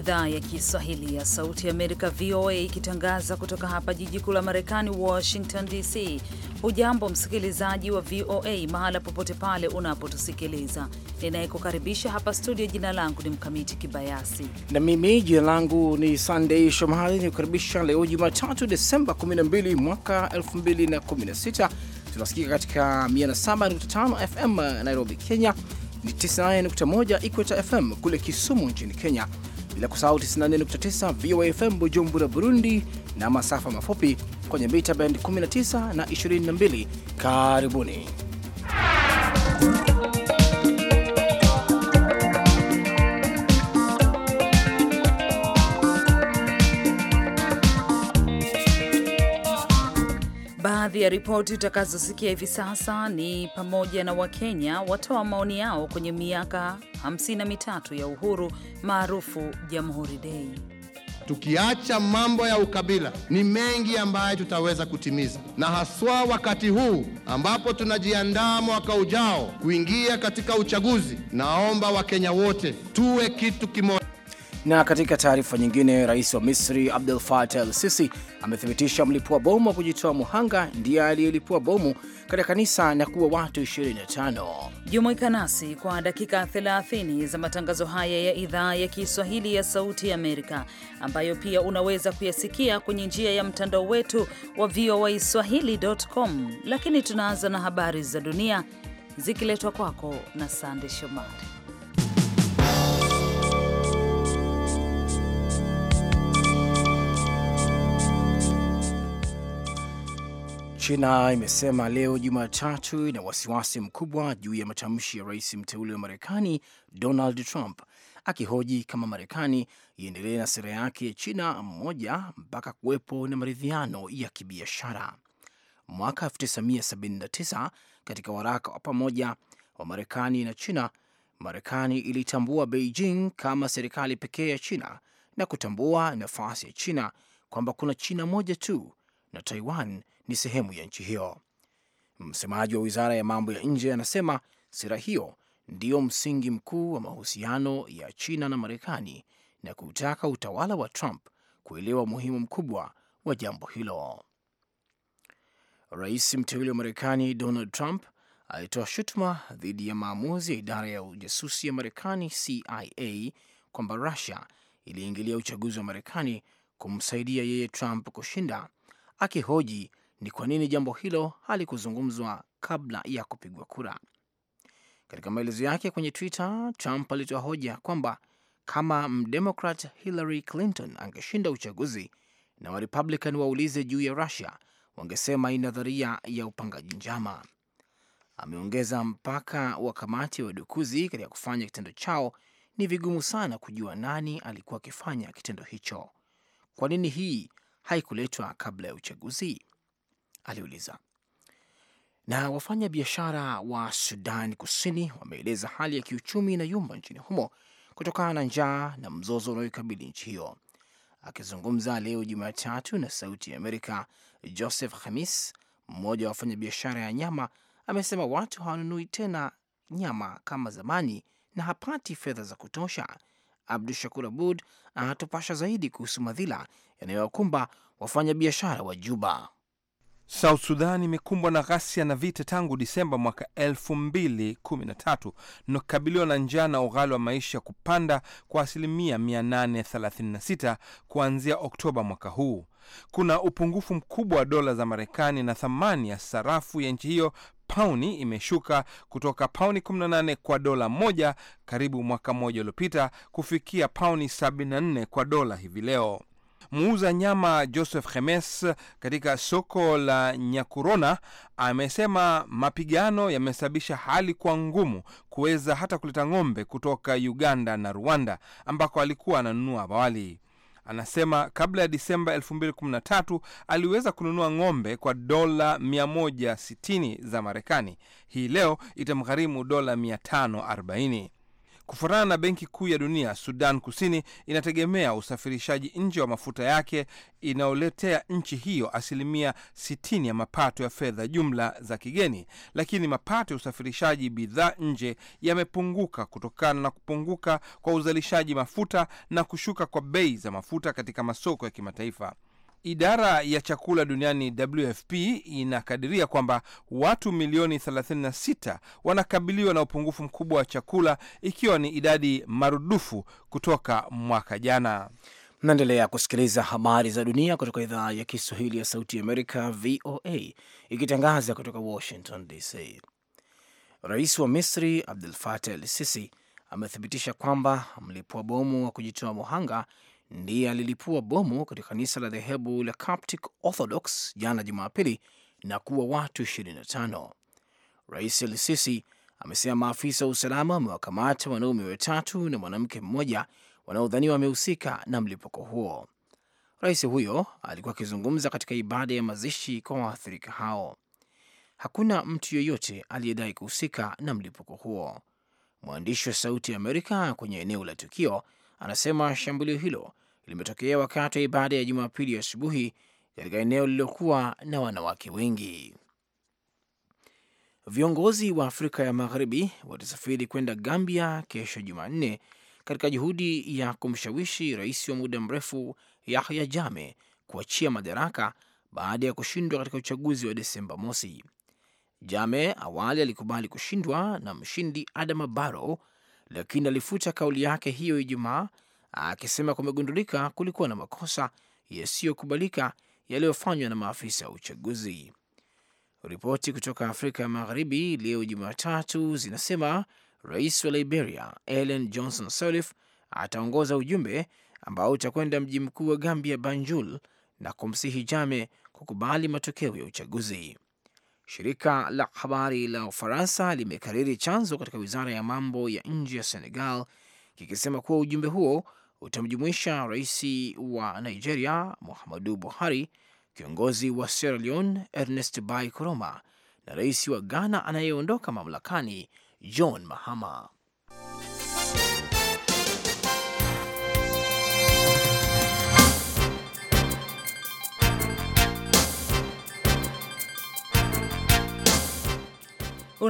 idhaa ya Kiswahili ya Sauti Amerika, VOA, ikitangaza kutoka hapa jiji kuu la Marekani, Washington DC. Hujambo msikilizaji wa VOA mahala popote pale unapotusikiliza. Ninayekukaribisha hapa studio, jina langu ni Mkamiti Kibayasi na mimi jina langu ni sandei Shomari. kukaribisha leo Jumatatu, Desemba 12 mwaka 2016. Tunasikika katika 107.5 FM Nairobi, Kenya, ni 91 Ikweta FM kule Kisumu nchini Kenya bila kusahau 94.9 VOA FM Bujumbura, Burundi, na masafa mafupi kwenye mita band 19 na 22. Karibuni ya ripoti utakazosikia hivi sasa ni pamoja na Wakenya watoa maoni yao kwenye miaka 53 ya uhuru maarufu Jamhuri Dei. Tukiacha mambo ya ukabila, ni mengi ambayo tutaweza kutimiza, na haswa wakati huu ambapo tunajiandaa mwaka ujao kuingia katika uchaguzi. Naomba Wakenya wote tuwe kitu kimoja. Na katika taarifa nyingine, rais wa Misri Abdel Fattah el Sisi amethibitisha mlipua bomu wa kujitoa muhanga ndiye aliyelipua bomu katika kanisa na kuwa watu 25. Jumuika nasi kwa dakika 30 za matangazo haya ya idhaa ya Kiswahili ya Sauti ya Amerika, ambayo pia unaweza kuyasikia kwenye njia ya mtandao wetu wa VOA Swahili.com. Lakini tunaanza na habari za dunia zikiletwa kwako na Sande Shomari. China imesema leo Jumatatu ina wasiwasi mkubwa juu ya matamshi ya rais mteule wa Marekani Donald Trump akihoji kama Marekani iendelee na sera yake ya China mmoja mpaka kuwepo na maridhiano ya kibiashara. Mwaka 1979 katika waraka wa pamoja wa Marekani na China, Marekani ilitambua Beijing kama serikali pekee ya China na kutambua nafasi ya China kwamba kuna China moja tu na Taiwan ni sehemu ya nchi hiyo. Msemaji wa wizara ya mambo ya nje anasema sera hiyo ndiyo msingi mkuu wa mahusiano ya China na Marekani na kutaka utawala wa Trump kuelewa umuhimu mkubwa wa jambo hilo. Rais mteule wa Marekani Donald Trump alitoa shutuma dhidi ya maamuzi ya idara ya ujasusi ya Marekani CIA kwamba Rusia iliingilia uchaguzi wa Marekani kumsaidia yeye Trump kushinda, akihoji ni kwa nini jambo hilo halikuzungumzwa kabla ya kupigwa kura. Katika maelezo yake kwenye Twitter, Trump alitoa hoja kwamba kama mdemokrat Hillary Clinton angeshinda uchaguzi na warepublican waulize juu ya Russia, wangesema ni nadharia ya upangaji njama. Ameongeza mpaka wa kamati ya wadukuzi katika kufanya kitendo chao ni vigumu sana kujua nani alikuwa akifanya kitendo hicho. Kwa nini hii haikuletwa kabla ya uchaguzi? aliuliza. Na wafanya biashara wa Sudan Kusini wameeleza hali ya kiuchumi na yumba nchini humo kutokana na njaa na mzozo unaoikabili nchi hiyo. Akizungumza leo Jumatatu na Sauti ya Amerika, Joseph Khamis, mmoja wa wafanyabiashara ya nyama, amesema watu hawanunui tena nyama kama zamani na hapati fedha za kutosha. Abdu Shakur Abud anatupasha zaidi kuhusu madhila yanayowakumba wafanyabiashara wa Juba. South Sudan imekumbwa na ghasia na vita tangu Disemba mwaka 2013 nakabiliwa na njaa na ughali wa maisha kupanda kwa asilimia 836 kuanzia Oktoba mwaka huu. Kuna upungufu mkubwa wa dola za Marekani na thamani ya sarafu ya nchi hiyo pauni imeshuka kutoka pauni 18 kwa dola moja karibu mwaka mmoja uliopita kufikia pauni 74 kwa dola hivi leo. Muuza nyama Joseph Hemes katika soko la Nyakurona amesema mapigano yamesababisha hali kwa ngumu kuweza hata kuleta ng'ombe kutoka Uganda na Rwanda ambako alikuwa ananunua awali. Anasema kabla ya Disemba 2013 aliweza kununua ng'ombe kwa dola 160 za Marekani. Hii leo itamgharimu dola 540. Kufuatana na Benki Kuu ya Dunia, Sudan Kusini inategemea usafirishaji nje wa mafuta yake inayoletea nchi hiyo asilimia 60 ya mapato ya fedha jumla za kigeni, lakini mapato ya usafirishaji bidhaa nje yamepunguka kutokana na kupunguka kwa uzalishaji mafuta na kushuka kwa bei za mafuta katika masoko ya kimataifa. Idara ya chakula duniani WFP inakadiria kwamba watu milioni 36 wanakabiliwa na upungufu mkubwa wa chakula, ikiwa ni idadi marudufu kutoka mwaka jana. Mnaendelea kusikiliza habari za dunia kutoka idhaa ya Kiswahili ya Sauti ya Amerika, VOA, ikitangaza kutoka Washington DC. Rais wa Misri Abdul Fatah Al Sisi amethibitisha kwamba mlipua bomu wa kujitoa muhanga ndiye alilipua bomu katika kanisa la dhehebu la Coptic Orthodox jana Jumapili na kuwa watu 25. Rais Elsisi amesema maafisa wa usalama wamewakamata wanaume watatu na mwanamke mmoja wanaodhaniwa wamehusika na mlipuko huo. Rais huyo alikuwa akizungumza katika ibada ya mazishi kwa waathirika hao. Hakuna mtu yeyote aliyedai kuhusika na mlipuko huo. Mwandishi wa Sauti ya Amerika kwenye eneo la tukio anasema shambulio hilo limetokea wakati wa ibada ya Jumapili asubuhi katika eneo lililokuwa na wanawake wengi. Viongozi wa Afrika ya Magharibi watasafiri kwenda Gambia kesho Jumanne katika juhudi ya kumshawishi rais wa muda mrefu Yahya jame kuachia madaraka baada ya kushindwa katika uchaguzi wa Desemba mosi. jame awali alikubali kushindwa na mshindi Adama Barrow lakini alifuta kauli yake hiyo Ijumaa akisema kumegundulika kulikuwa na makosa yasiyokubalika yaliyofanywa na maafisa wa uchaguzi. Ripoti kutoka Afrika ya Magharibi leo Jumatatu zinasema rais wa Liberia Ellen Johnson Sirleaf ataongoza ujumbe ambao utakwenda mji mkuu wa Gambia, Banjul, na kumsihi Jame kukubali matokeo ya uchaguzi. Shirika la habari la Ufaransa limekariri chanzo katika wizara ya mambo ya nje ya Senegal kikisema kuwa ujumbe huo utamjumuisha rais wa Nigeria Muhammadu Buhari, kiongozi wa Sierra Leone Ernest Bai Koroma na rais wa Ghana anayeondoka mamlakani John Mahama.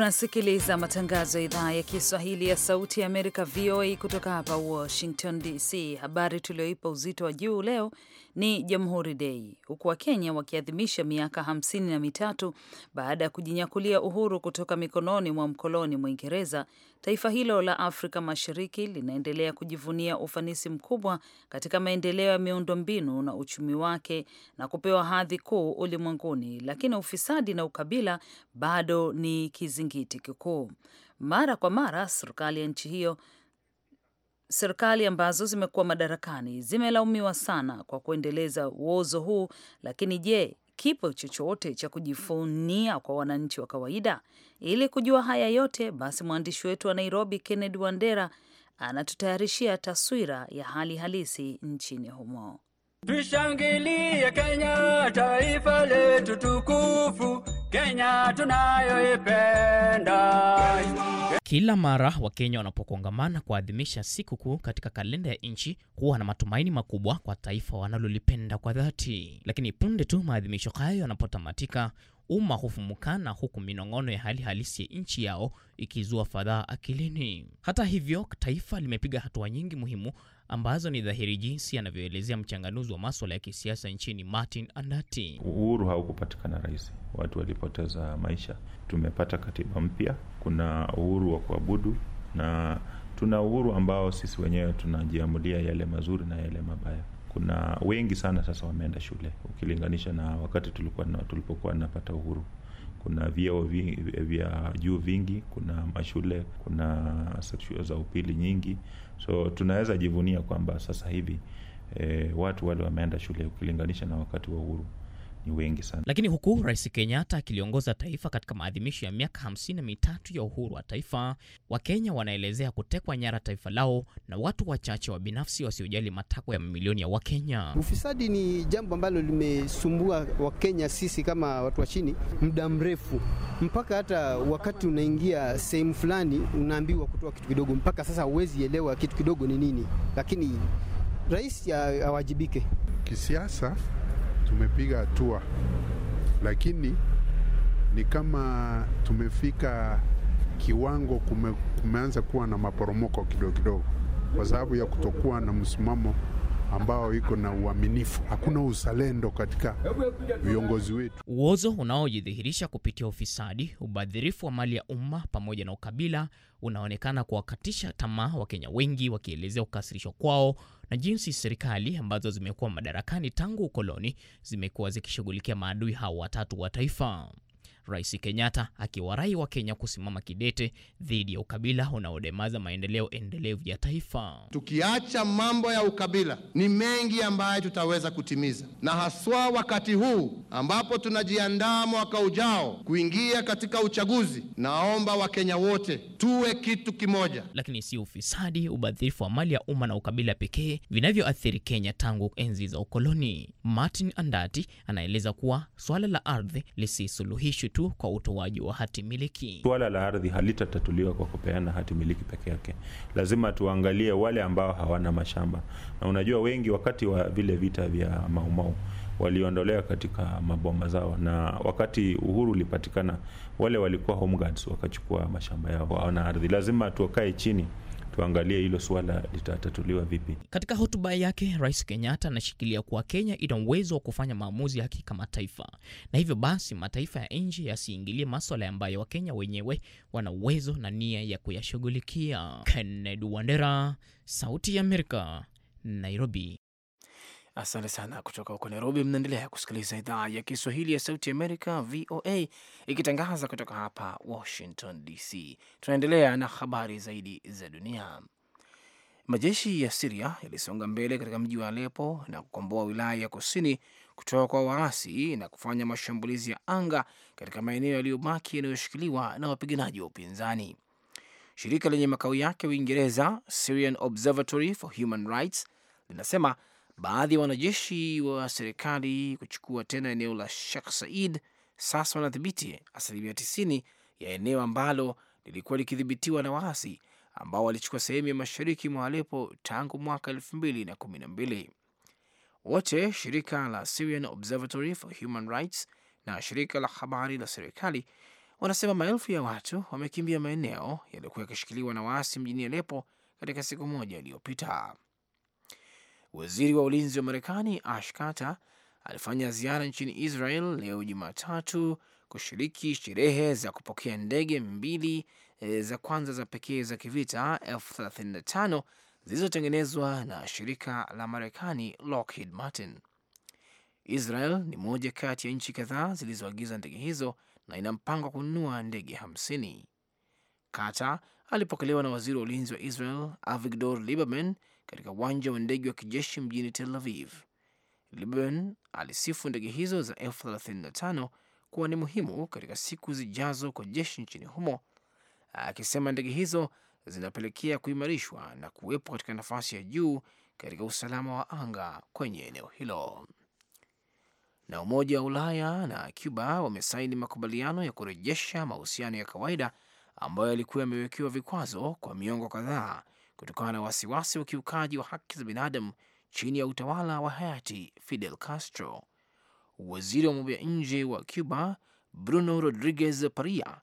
Unasikiliza matangazo ya idhaa ya Kiswahili ya Sauti ya Amerika, VOA, kutoka hapa Washington DC. Habari tulioipa uzito wa juu leo ni Jamhuri Dei, huku Wakenya wakiadhimisha miaka hamsini na mitatu baada ya kujinyakulia uhuru kutoka mikononi mwa mkoloni Mwingereza Taifa hilo la Afrika Mashariki linaendelea kujivunia ufanisi mkubwa katika maendeleo ya miundombinu na uchumi wake na kupewa hadhi kuu ulimwenguni, lakini ufisadi na ukabila bado ni kizingiti kikuu. Mara kwa mara serikali ya nchi hiyo serikali ambazo zimekuwa madarakani zimelaumiwa sana kwa kuendeleza uozo huu. Lakini je, kipo chochote cha kujifunia kwa wananchi wa kawaida? Ili kujua haya yote, basi mwandishi wetu wa Nairobi Kennedy Wandera anatutayarishia taswira ya hali halisi nchini humo. Tushangilie Kenya, taifa letu tukufu, Kenya tunayoipenda. Kila mara Wakenya wanapokongamana kuadhimisha sikukuu katika kalenda ya nchi, huwa na matumaini makubwa kwa taifa wanalolipenda kwa dhati. Lakini punde tu maadhimisho hayo yanapotamatika, umma hufumukana, huku minong'ono ya hali halisi ya nchi yao ikizua fadhaa akilini. Hata hivyo, taifa limepiga hatua nyingi muhimu ambazo ni dhahiri jinsi anavyoelezea mchanganuzi wa maswala ya kisiasa nchini Martin Andati. Uhuru haukupatikana rahisi, watu walipoteza maisha. Tumepata katiba mpya, kuna uhuru wa kuabudu na tuna uhuru ambao sisi wenyewe tunajiamulia yale mazuri na yale mabaya. Kuna wengi sana sasa wameenda shule ukilinganisha na wakati tulikuwa na tulipokuwa napata uhuru kuna vyeo vya juu vingi, kuna mashule, kuna shule za upili nyingi, so tunaweza jivunia kwamba sasa hivi e, watu wale wameenda shule ukilinganisha na wakati wa uhuru ni wengi sana. Lakini huku Rais Kenyatta akiliongoza taifa katika maadhimisho ya miaka hamsini na mitatu ya uhuru wa taifa, Wakenya wanaelezea kutekwa nyara taifa lao na watu wachache wa binafsi wasiojali matakwa ya mamilioni ya Wakenya. Ufisadi ni jambo ambalo limesumbua Wakenya sisi kama watu wa chini muda mrefu, mpaka hata wakati unaingia sehemu fulani unaambiwa kutoa kitu kidogo, mpaka sasa huwezi elewa kitu kidogo ni nini, lakini rais awajibike kisiasa tumepiga hatua, lakini ni kama tumefika kiwango kume, kumeanza kuwa na maporomoko kidogo kidogo, kwa sababu ya kutokuwa na msimamo ambao iko na uaminifu. Hakuna uzalendo katika viongozi wetu. Uozo unaojidhihirisha kupitia ufisadi, ubadhirifu wa mali ya umma pamoja na ukabila unaonekana kuwakatisha tamaa Wakenya wengi, wakielezea ukasirisho kwao na jinsi serikali ambazo zimekuwa madarakani tangu ukoloni zimekuwa zikishughulikia maadui hao watatu wa taifa. Rais Kenyatta akiwarai wa Kenya kusimama kidete dhidi ya ukabila unaodemaza maendeleo endelevu ya taifa. Tukiacha mambo ya ukabila, ni mengi ambayo tutaweza kutimiza, na haswa wakati huu ambapo tunajiandaa mwaka ujao kuingia katika uchaguzi. Naomba Wakenya wote tuwe kitu kimoja. Lakini si ufisadi, ubadhirifu wa mali ya umma na ukabila pekee vinavyoathiri Kenya tangu enzi za ukoloni. Martin Andati anaeleza kuwa swala la ardhi lisisuluhishwe tu tu kwa utoaji wa hati miliki. Suala la ardhi halitatatuliwa kwa kupeana hati miliki peke yake, lazima tuangalie wale ambao hawana mashamba, na unajua wengi wakati wa vile vita vya Maumau waliondolewa katika maboma zao, na wakati uhuru ulipatikana, wale walikuwa home guards wakachukua mashamba yao, hawana ardhi. Lazima tukae chini tuangalie hilo suala litatatuliwa vipi. Katika hotuba yake, Rais Kenyatta anashikilia kuwa Kenya ina uwezo wa kufanya maamuzi yake kama taifa, na hivyo basi mataifa ya nje yasiingilie maswala ambayo Wakenya wenyewe wana uwezo na nia ya kuyashughulikia. Kennedy Wandera, Sauti ya Amerika, Nairobi. Asante sana kutoka huko Nairobi. Mnaendelea kusikiliza idhaa ya Kiswahili ya Sauti Amerika, VOA, ikitangaza kutoka hapa Washington DC. Tunaendelea na habari zaidi za dunia. Majeshi ya Siria yalisonga mbele katika mji wa Alepo na kukomboa wilaya ya kusini kutoka kwa waasi na kufanya mashambulizi ya anga katika maeneo yaliyobaki yanayoshikiliwa na wapiganaji wa upinzani. Shirika lenye makao yake Uingereza, Syrian Observatory for Human Rights, linasema Baadhi ya wanajeshi wa serikali kuchukua tena eneo la Sheikh Said sasa wanadhibiti asilimia 90 ya eneo ambalo lilikuwa likidhibitiwa na waasi ambao walichukua sehemu ya mashariki mwa Alepo tangu mwaka 2012. Wote shirika la Syrian Observatory for Human Rights na shirika la habari la serikali wanasema maelfu ya watu wamekimbia maeneo yaliyokuwa yakishikiliwa na waasi mjini Alepo katika siku moja iliyopita. Waziri wa ulinzi wa Marekani Ash Carter alifanya ziara nchini Israel leo Jumatatu kushiriki sherehe za kupokea ndege mbili e, za kwanza za pekee za kivita F35 zilizotengenezwa na shirika la Marekani Lockheed Martin. Israel ni moja kati ya nchi kadhaa zilizoagiza ndege hizo na ina mpango wa kununua ndege hamsini. Kata alipokelewa na waziri wa ulinzi wa Israel Avigdor Lieberman katika uwanja wa ndege wa kijeshi mjini Tel Aviv. Liban alisifu ndege hizo za F35 kuwa ni muhimu katika siku zijazo kwa jeshi nchini humo, akisema ndege hizo zinapelekea kuimarishwa na kuwepo katika nafasi ya juu katika usalama wa anga kwenye eneo hilo. Na Umoja wa Ulaya na Cuba wamesaini makubaliano ya kurejesha mahusiano ya kawaida ambayo yalikuwa yamewekewa vikwazo kwa miongo kadhaa kutokana na wasiwasi wa kiukaji wa haki za binadamu chini ya utawala wa hayati Fidel Castro. Waziri wa mambo ya nje wa Cuba Bruno Rodriguez Paria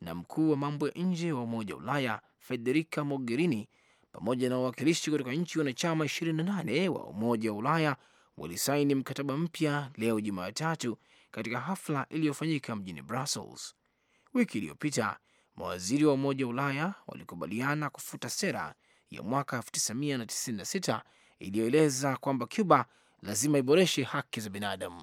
na mkuu wa mambo ya nje wa Umoja wa Ulaya Federica Mogherini pamoja na wawakilishi kutoka nchi wanachama 28 wa Umoja wa Ulaya walisaini mkataba mpya leo Jumatatu katika hafla iliyofanyika mjini Brussels. Wiki iliyopita mawaziri wa Umoja wa Ulaya walikubaliana kufuta sera ya mwaka 1996 iliyoeleza kwamba Cuba lazima iboreshe haki za binadamu.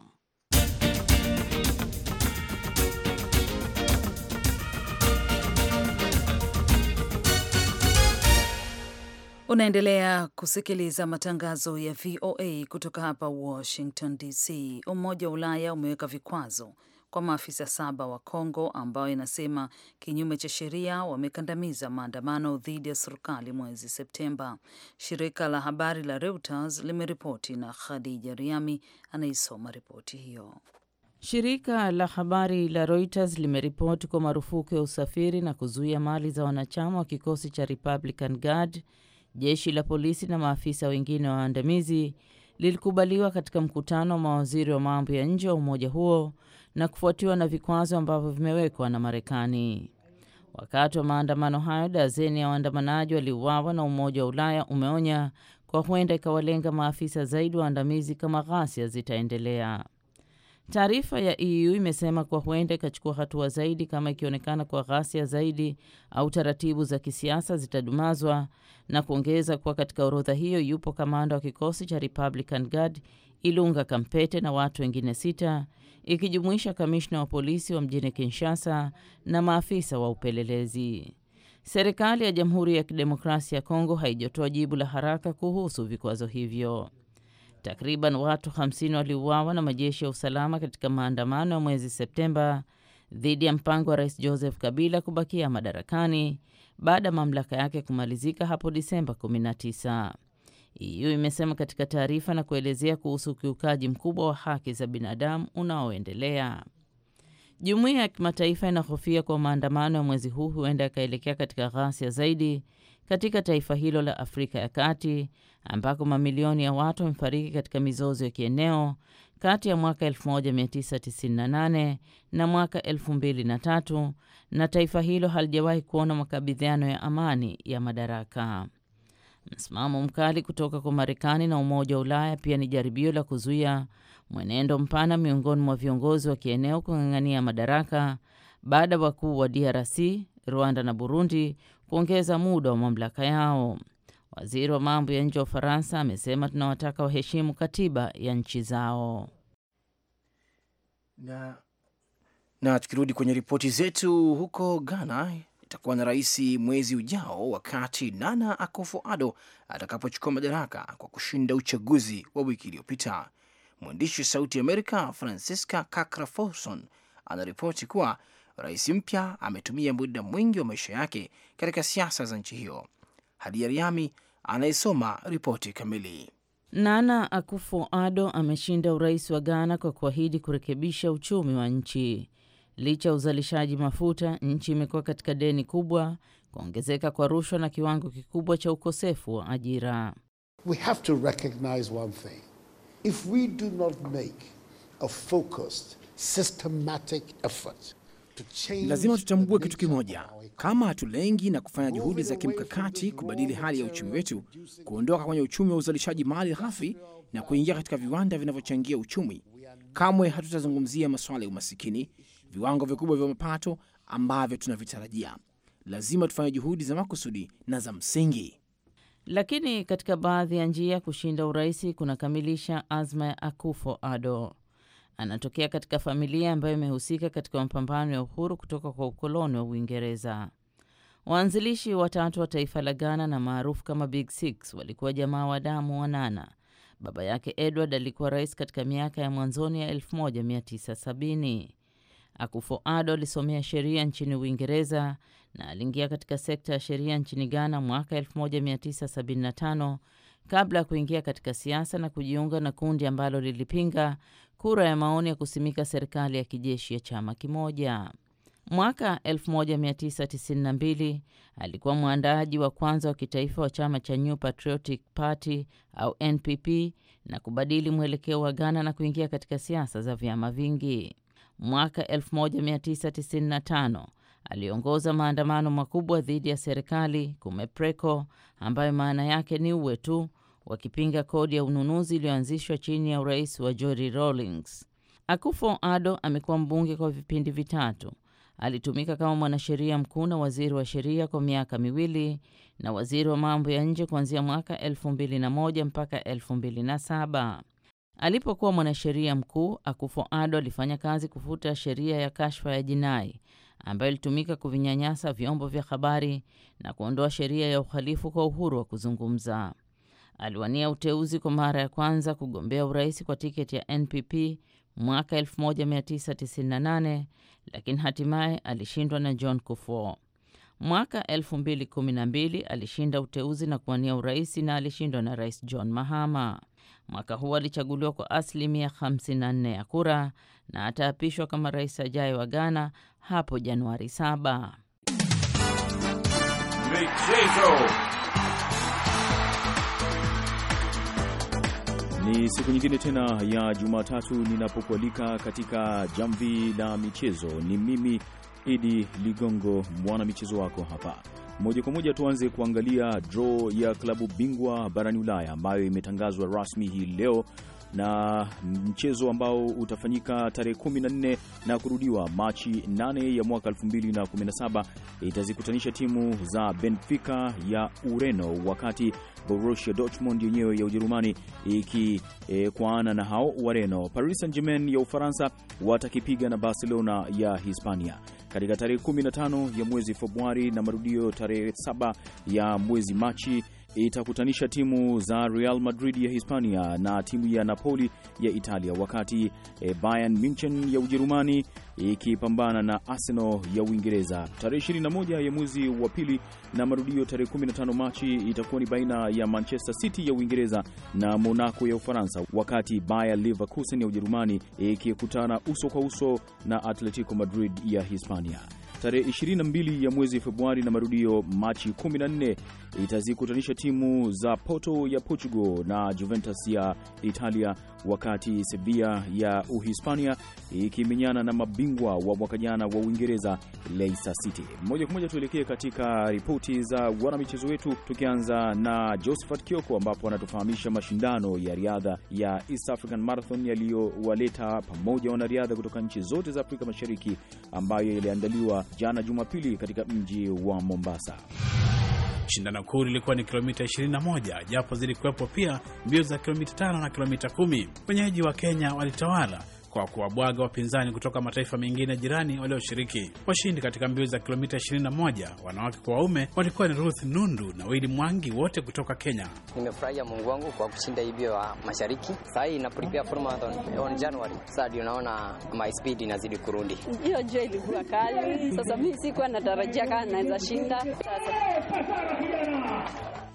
Unaendelea kusikiliza matangazo ya VOA kutoka hapa Washington DC. Umoja wa Ulaya umeweka vikwazo kwa maafisa saba wa Kongo ambayo inasema kinyume cha sheria wamekandamiza maandamano dhidi ya serikali mwezi Septemba. Shirika la habari la Reuters limeripoti, na Khadija Riami anaisoma ripoti hiyo. Shirika la habari la Reuters limeripoti kwa marufuku ya usafiri na kuzuia mali za wanachama wa kikosi cha Republican Guard, jeshi la polisi na maafisa wengine wa waandamizi lilikubaliwa katika mkutano wa mawaziri wa mambo ya nje wa umoja huo na kufuatiwa na vikwazo ambavyo vimewekwa na Marekani. Wakati wa maandamano hayo, dazeni ya waandamanaji waliuawa, na Umoja wa Ulaya umeonya kwa huenda ikawalenga maafisa zaidi waandamizi kama ghasia zitaendelea. Taarifa ya EU imesema kuwa huenda ikachukua hatua zaidi kama ikionekana kwa ghasia zaidi au taratibu za kisiasa zitadumazwa, na kuongeza kuwa katika orodha hiyo yupo kamanda wa kikosi cha Republican Guard Ilunga Kampete na watu wengine sita, ikijumuisha kamishna wa polisi wa mjini Kinshasa na maafisa wa upelelezi. Serikali ya Jamhuri ya Kidemokrasia ya Kongo haijatoa jibu la haraka kuhusu vikwazo hivyo. Takriban watu 50 waliuawa na majeshi ya usalama katika maandamano ya mwezi Septemba dhidi ya mpango wa Rais Joseph Kabila kubakia madarakani baada ya mamlaka yake kumalizika hapo Disemba 19. EU imesema katika taarifa na kuelezea kuhusu ukiukaji mkubwa wa haki za binadamu unaoendelea. Jumuiya ya kimataifa inahofia kwa maandamano ya mwezi huu huenda yakaelekea katika ghasia zaidi katika taifa hilo la Afrika ya Kati ambako mamilioni ya watu wamefariki katika mizozo ya kieneo kati ya mwaka 1998 na mwaka 2003 na taifa hilo halijawahi kuona makabidhiano ya amani ya madaraka. Msimamo mkali kutoka kwa Marekani na Umoja wa Ulaya pia ni jaribio la kuzuia mwenendo mpana miongoni mwa viongozi wa kieneo kung'ang'ania madaraka baada ya wakuu wa DRC, Rwanda na Burundi kuongeza muda wa mamlaka yao. Waziri wa mambo ya nje wa Ufaransa amesema tunawataka waheshimu katiba ya nchi zao. Na, na tukirudi kwenye ripoti zetu, huko Ghana itakuwa na rais mwezi ujao, wakati Nana Akufo-Addo atakapochukua madaraka kwa kushinda uchaguzi wa wiki iliyopita. Mwandishi wa Sauti Amerika Francisca Kakraforson anaripoti kuwa rais mpya ametumia muda mwingi wa maisha yake katika siasa za nchi hiyo. hadi Yariami anayesoma ripoti kamili. Nana akufo ado ameshinda urais wa Ghana kwa kuahidi kurekebisha uchumi wa nchi. Licha ya uzalishaji mafuta, nchi imekuwa katika deni kubwa, kuongezeka kwa rushwa na kiwango kikubwa cha ukosefu wa ajira. We have to recognize one thing. If we do not make a focused, systematic effort Lazima tutambue kitu kimoja: kama hatulengi na kufanya juhudi za kimkakati kubadili hali ya uchumi wetu, kuondoka kwenye uchumi wa uzalishaji mali ghafi na kuingia katika viwanda vinavyochangia uchumi, kamwe hatutazungumzia masuala ya umasikini, viwango vikubwa vya mapato ambavyo tunavitarajia. Lazima tufanye juhudi za makusudi na za msingi. Lakini katika baadhi ya njia, kushinda urais kunakamilisha azma ya Akufo-Addo. Anatokea katika familia ambayo imehusika katika mapambano ya uhuru kutoka kwa ukoloni wa Uingereza. Waanzilishi watatu wa taifa la Ghana na maarufu kama Big Six walikuwa jamaa wa damu wanana. Baba yake Edward alikuwa rais katika miaka ya mwanzoni ya 1970. Akufo-Addo alisomea sheria nchini Uingereza na aliingia katika sekta ya sheria nchini Ghana mwaka 1975 kabla ya kuingia katika siasa na kujiunga na kundi ambalo lilipinga kura ya maoni ya kusimika serikali ya kijeshi ya chama kimoja. Mwaka 1992 alikuwa mwandaaji wa kwanza wa kitaifa wa chama cha New Patriotic Party au NPP na kubadili mwelekeo wa Ghana na kuingia katika siasa za vyama vingi. Mwaka 1995 aliongoza maandamano makubwa dhidi ya serikali kumepreco ambayo maana yake ni uwe tu wakipinga kodi ya ununuzi iliyoanzishwa chini ya urais wa Jory Rawlings. akufo ado amekuwa mbunge kwa vipindi vitatu. Alitumika kama mwanasheria mkuu na waziri wa sheria kwa miaka miwili na waziri wa mambo ya nje kuanzia mwaka 2001 mpaka 2007. Alipokuwa mwanasheria mkuu, akufo ado alifanya kazi kufuta sheria ya kashfa ya jinai ambayo ilitumika kuvinyanyasa vyombo vya habari na kuondoa sheria ya uhalifu kwa uhuru wa kuzungumza aliwania uteuzi kwa mara ya kwanza kugombea urais kwa tiketi ya NPP mwaka 1998 lakini hatimaye alishindwa na John Kufuor. Mwaka 2012 alishinda uteuzi na kuwania urais na alishindwa na Rais John Mahama. Mwaka huu alichaguliwa kwa asilimia 54 ya kura na ataapishwa kama rais ajaye wa Ghana hapo Januari 7. Michezo. Ni siku nyingine tena ya Jumatatu ninapokualika katika jamvi la michezo. Ni mimi Idi Ligongo, mwana michezo wako hapa moja kwa moja. Tuanze kuangalia draw ya klabu bingwa barani Ulaya ambayo imetangazwa rasmi hii leo na mchezo ambao utafanyika tarehe 14 na kurudiwa Machi 8 ya mwaka 2017 itazikutanisha timu za Benfica ya Ureno, wakati Borussia Dortmund yenyewe ya Ujerumani ikikwaana e, na hao Wareno. Paris Saint-Germain ya Ufaransa watakipiga na Barcelona ya Hispania katika tarehe 15 ya mwezi Februari na marudio tarehe 7 ya mwezi Machi itakutanisha timu za Real Madrid ya Hispania na timu ya Napoli ya Italia, wakati eh, Bayern Munchen ya Ujerumani ikipambana na Arsenal ya Uingereza tarehe 21 ya mwezi wa pili, na marudio tarehe 15 Machi itakuwa ni baina ya Manchester City ya Uingereza na Monaco ya Ufaransa, wakati Bayer Leverkusen ya Ujerumani ikikutana uso kwa uso na Atletico Madrid ya Hispania tarehe 22 ya mwezi Februari na marudio Machi 14 itazikutanisha timu za Porto ya Portugal na Juventus ya Italia, wakati Sevilla ya Uhispania ikimenyana na mabingwa wa mwaka jana wa Uingereza, Leicester City. Moja kwa moja tuelekee katika ripoti za wanamichezo wetu, tukianza na Josephat Kioko ambapo anatufahamisha mashindano ya riadha ya East African Marathon yaliyowaleta pamoja wanariadha kutoka nchi zote za Afrika Mashariki ambayo yaliandaliwa jana Jumapili katika mji wa Mombasa. Shindano kuu lilikuwa ni kilomita 21 japo zilikuwepo pia mbio za kilomita 5 na kilomita 10. Wenyeji wa Kenya walitawala kwa kuwabwaga wapinzani kutoka mataifa mengine jirani walioshiriki. Washindi katika mbio za kilomita 21 wanawake kwa waume walikuwa ni Ruth Nundu na Wili Mwangi, wote kutoka Kenya. Nimefurahia Mungu wangu kwa kushinda hivyo wa ya mashariki. sahii hii na marathon eh, on January. Sasa ndio naona my speed inazidi kurudi. Hiyo jua ilikuwa kali. Sasa mi sikuwa natarajia kama naweza shinda. Sasa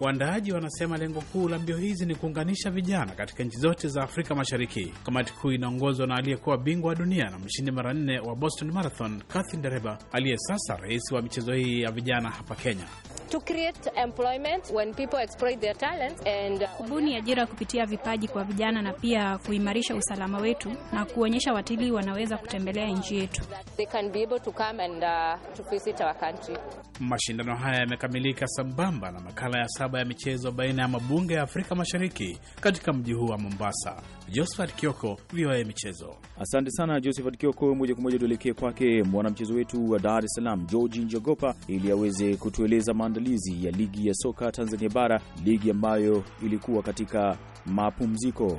Waandaaji wanasema lengo kuu la mbio hizi ni kuunganisha vijana katika nchi zote za Afrika Mashariki. Kamati kuu inaongozwa na aliyekuwa bingwa wa dunia na mshindi mara nne wa Boston Marathon, Kathy Ndereba, aliye sasa rais wa michezo hii ya vijana hapa Kenya. Uh, Kubuni ajira kupitia vipaji kwa vijana na pia kuimarisha usalama wetu na kuonyesha watalii wanaweza kutembelea nchi yetu. Uh, mashindano haya yamekamilika sambamba na makala ya saba mikataba ya michezo baina ya mabunge ya Afrika Mashariki katika mji huu wa Mombasa. Josephat Kioko, VOA Michezo. Asante sana Josephat Kioko. Moja kwa moja tuelekee kwake mwanamchezo wetu wa Dar es Salaam, Georgi Njogopa, ili aweze kutueleza maandalizi ya ligi ya soka Tanzania Bara, ligi ambayo ilikuwa katika mapumziko.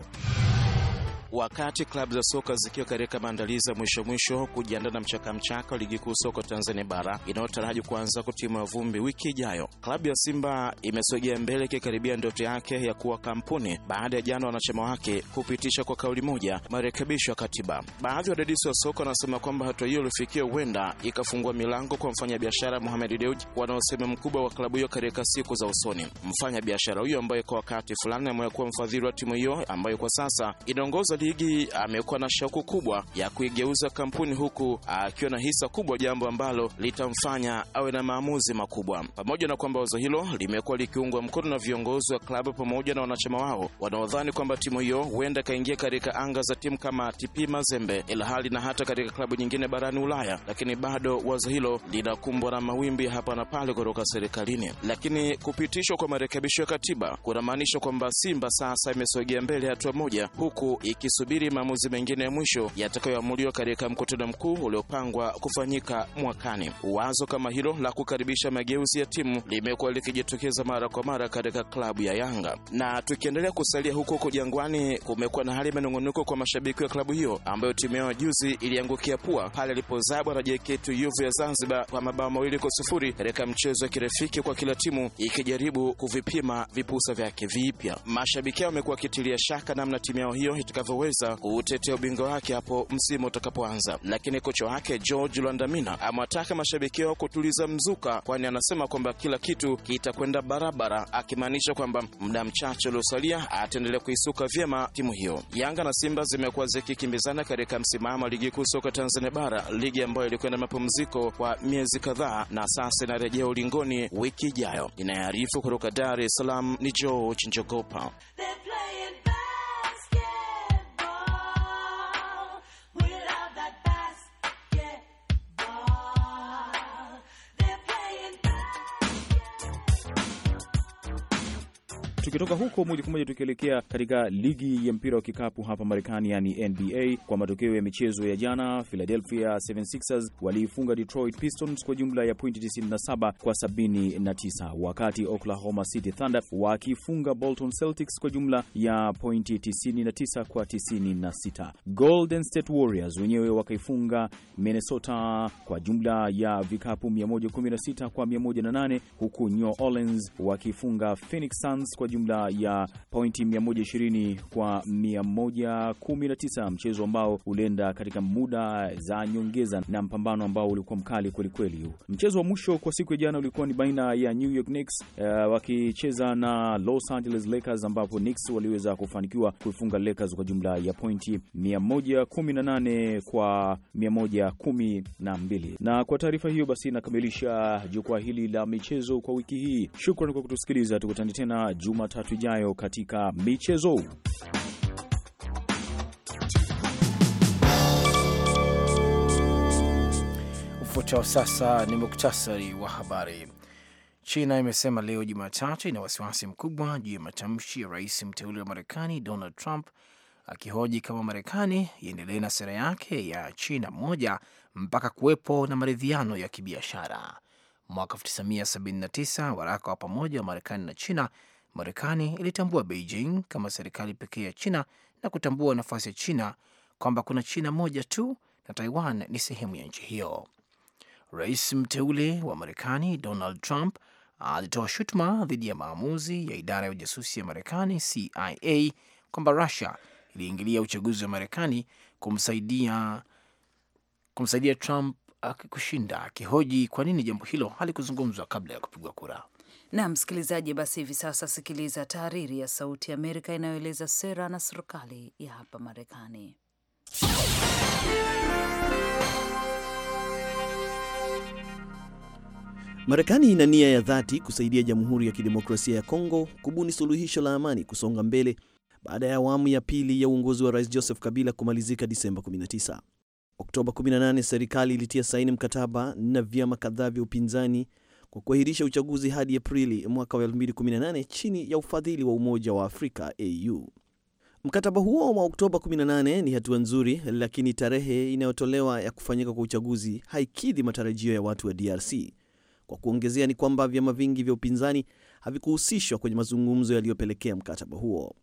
Wakati klabu za soka zikiwa katika maandalizi ya mwisho mwisho kujiandaa na mchakamchaka wa ligi kuu soka Tanzania bara inayotarajiwa kuanza kutimua vumbi wiki ijayo, klabu ya Simba imesogea mbele ikikaribia ndoto yake ya kuwa kampuni baada ya jana wanachama wake kupitisha kwa kauli moja marekebisho ya katiba. Baadhi ya wadadisi wa soka wanasema kwamba hatua hiyo ilifikia huenda ikafungua milango kwa mfanyabiashara Mohamed Dewji wanaosema mkubwa wa klabu hiyo katika siku za usoni. Mfanyabiashara huyo ambaye kwa wakati fulani amekuwa mfadhili wa timu hiyo ambayo kwa sasa inaongoza ligi amekuwa na shauku kubwa ya kuigeuza kampuni huku akiwa na hisa kubwa, jambo ambalo litamfanya awe na maamuzi makubwa. Pamoja na kwamba wazo hilo limekuwa likiungwa mkono na viongozi wa klabu pamoja na wanachama wao wanaodhani kwamba timu hiyo huenda ikaingia katika anga za timu kama TP Mazembe, ilhali na hata katika klabu nyingine barani Ulaya, lakini bado wazo hilo linakumbwa na mawimbi hapa na pale kutoka serikalini. Lakini kupitishwa kwa marekebisho ya katiba kunamaanisha kwamba Simba sasa imesogea mbele hatua moja huku iki ikisubiri maamuzi mengine ya mwisho yatakayoamuliwa katika mkutano mkuu uliopangwa kufanyika mwakani. Wazo kama hilo la kukaribisha mageuzi ya timu limekuwa likijitokeza mara kwa mara katika klabu ya Yanga. Na tukiendelea kusalia huko huko Jangwani, kumekuwa na hali manunguniko kwa mashabiki wa klabu hiyo ambayo timu yao juzi iliangukia pua pale ilipozabwa na JKT Yuvu ya Zanzibar kwa mabao mawili kwa sufuri katika mchezo wa kirafiki kwa kila timu ikijaribu kuvipima vipusa vyake vipya. Mashabiki hao wamekuwa wakitilia shaka namna timu yao hiyo itakavyo ataweza kuutetea ubingwa wake hapo msimu utakapoanza, lakini kocha wake George Lwandamina amewataka mashabiki wao kutuliza mzuka, kwani anasema kwamba kila kitu kitakwenda barabara, akimaanisha kwamba muda mchache uliosalia ataendelea kuisuka vyema timu hiyo. Yanga na Simba zimekuwa zikikimbizana katika msimamo wa ligi kuu soka Tanzania Bara, ligi ambayo ilikuwa na mapumziko kwa miezi kadhaa na sasa inarejea ulingoni wiki ijayo. Inayoarifu kutoka Dar es Salaam ni George Njogopa. Tukitoka huko moja kwa moja tukielekea katika ligi ya mpira wa kikapu hapa Marekani, yani NBA. Kwa matokeo ya michezo ya jana, Philadelphia 76ers waliifunga Detroit Pistons kwa jumla ya pointi 97 kwa 79, wakati Oklahoma City Thunder wakifunga Bolton Celtics kwa jumla ya pointi 99 kwa 96. Golden State Warriors wenyewe wakaifunga Minnesota kwa jumla ya vikapu 116 kwa 108, huku New Orleans wakifunga Phoenix Suns kwa jumla jumla ya pointi 120 kwa 119, mchezo ambao ulienda katika muda za nyongeza na mpambano ambao ulikuwa mkali kwelikweli. Mchezo wa mwisho kwa siku ya jana ulikuwa ni baina ya New York Knicks uh, wakicheza na Los Angeles Lakers, ambapo Knicks waliweza kufanikiwa kuifunga Lakers kwa jumla ya pointi 118 kwa 112. Na, na kwa taarifa hiyo basi inakamilisha jukwaa hili la michezo kwa wiki hii. Shukrani kwa kutusikiliza, tukutane tena Jumatatu Jumatatu ijayo katika michezo. Ufuatao sasa ni muktasari wa habari. China imesema leo Jumatatu ina wasiwasi mkubwa juu ya matamshi ya rais mteule wa Marekani Donald Trump akihoji kama Marekani iendelee na sera yake ya China moja mpaka kuwepo na maridhiano ya kibiashara. Mwaka 1979 waraka wa pamoja wa Marekani na China Marekani ilitambua Beijing kama serikali pekee ya China na kutambua nafasi ya China kwamba kuna China moja tu na Taiwan ni sehemu ya nchi hiyo. Rais mteule wa Marekani Donald Trump alitoa shutuma dhidi ya maamuzi ya idara ya ujasusi ya Marekani CIA kwamba Rusia iliingilia uchaguzi wa Marekani kumsaidia, kumsaidia Trump uh, kushinda, akihoji kwa nini jambo hilo halikuzungumzwa kabla ya kupigwa kura. Na msikilizaji, basi hivi sasa sikiliza tahariri ya Sauti ya Amerika inayoeleza sera na serikali ya hapa Marekani. Marekani ina nia ya dhati kusaidia Jamhuri ya Kidemokrasia ya Kongo kubuni suluhisho la amani kusonga mbele baada ya awamu ya pili ya uongozi wa Rais Joseph Kabila kumalizika Disemba 19. Oktoba 18, serikali ilitia saini mkataba na vyama kadhaa vya upinzani kwa kuahirisha uchaguzi hadi Aprili mwaka wa 2018 chini ya ufadhili wa Umoja wa Afrika AU. Mkataba huo wa Oktoba 18 ni hatua nzuri, lakini tarehe inayotolewa ya kufanyika kwa uchaguzi haikidhi matarajio ya watu wa DRC. Kwa kuongezea, ni kwamba vyama vingi vya upinzani havikuhusishwa kwenye mazungumzo yaliyopelekea mkataba huo.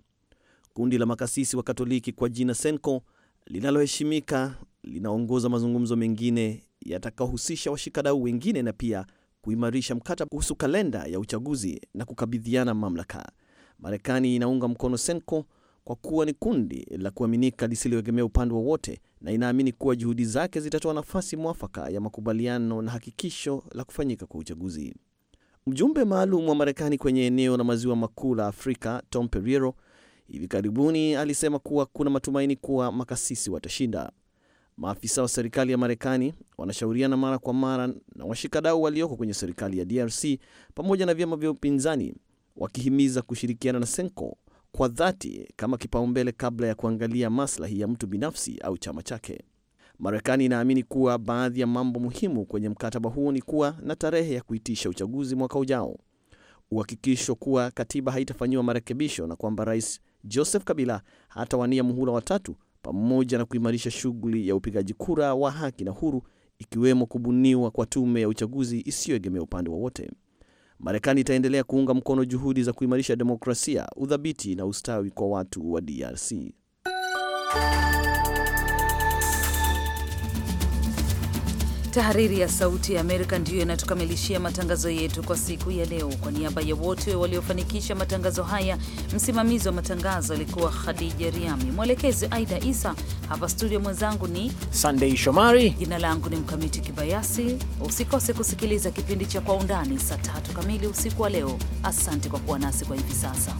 Kundi la makasisi wa Katoliki kwa jina Senko linaloheshimika linaongoza mazungumzo mengine yatakaohusisha washikadau wengine na pia kuimarisha mkataba kuhusu kalenda ya uchaguzi na kukabidhiana mamlaka. Marekani inaunga mkono Senko kwa kuwa ni kundi la kuaminika lisiloegemea upande wowote na inaamini kuwa juhudi zake zitatoa nafasi mwafaka ya makubaliano na hakikisho la kufanyika kwa uchaguzi. Mjumbe maalum wa Marekani kwenye eneo la maziwa makuu la Afrika Tom periero hivi karibuni alisema kuwa kuna matumaini kuwa makasisi watashinda. Maafisa wa serikali ya Marekani wanashauriana mara kwa mara na washikadau walioko kwenye serikali ya DRC pamoja na vyama vya upinzani, wakihimiza kushirikiana na Senko kwa dhati kama kipaumbele kabla ya kuangalia maslahi ya mtu binafsi au chama chake. Marekani inaamini kuwa baadhi ya mambo muhimu kwenye mkataba huo ni kuwa na tarehe ya kuitisha uchaguzi mwaka ujao, uhakikisho kuwa katiba haitafanyiwa marekebisho na kwamba rais Joseph Kabila hatawania muhula watatu pamoja na kuimarisha shughuli ya upigaji kura wa haki na huru, ikiwemo kubuniwa kwa tume ya uchaguzi isiyoegemea upande wowote. Marekani itaendelea kuunga mkono juhudi za kuimarisha demokrasia, udhabiti na ustawi kwa watu wa DRC. Tahariri ya Sauti ya Amerika ndiyo inatukamilishia matangazo yetu kwa siku ya leo. Kwa niaba ya wote waliofanikisha matangazo haya, msimamizi wa matangazo alikuwa Khadija Riami, mwelekezi Aida Isa. Hapa studio mwenzangu ni Sandei Shomari, jina langu ni Mkamiti Kibayasi. Usikose kusikiliza kipindi cha Kwa Undani saa tatu kamili usiku wa leo. Asante kwa kuwa nasi kwa hivi sasa.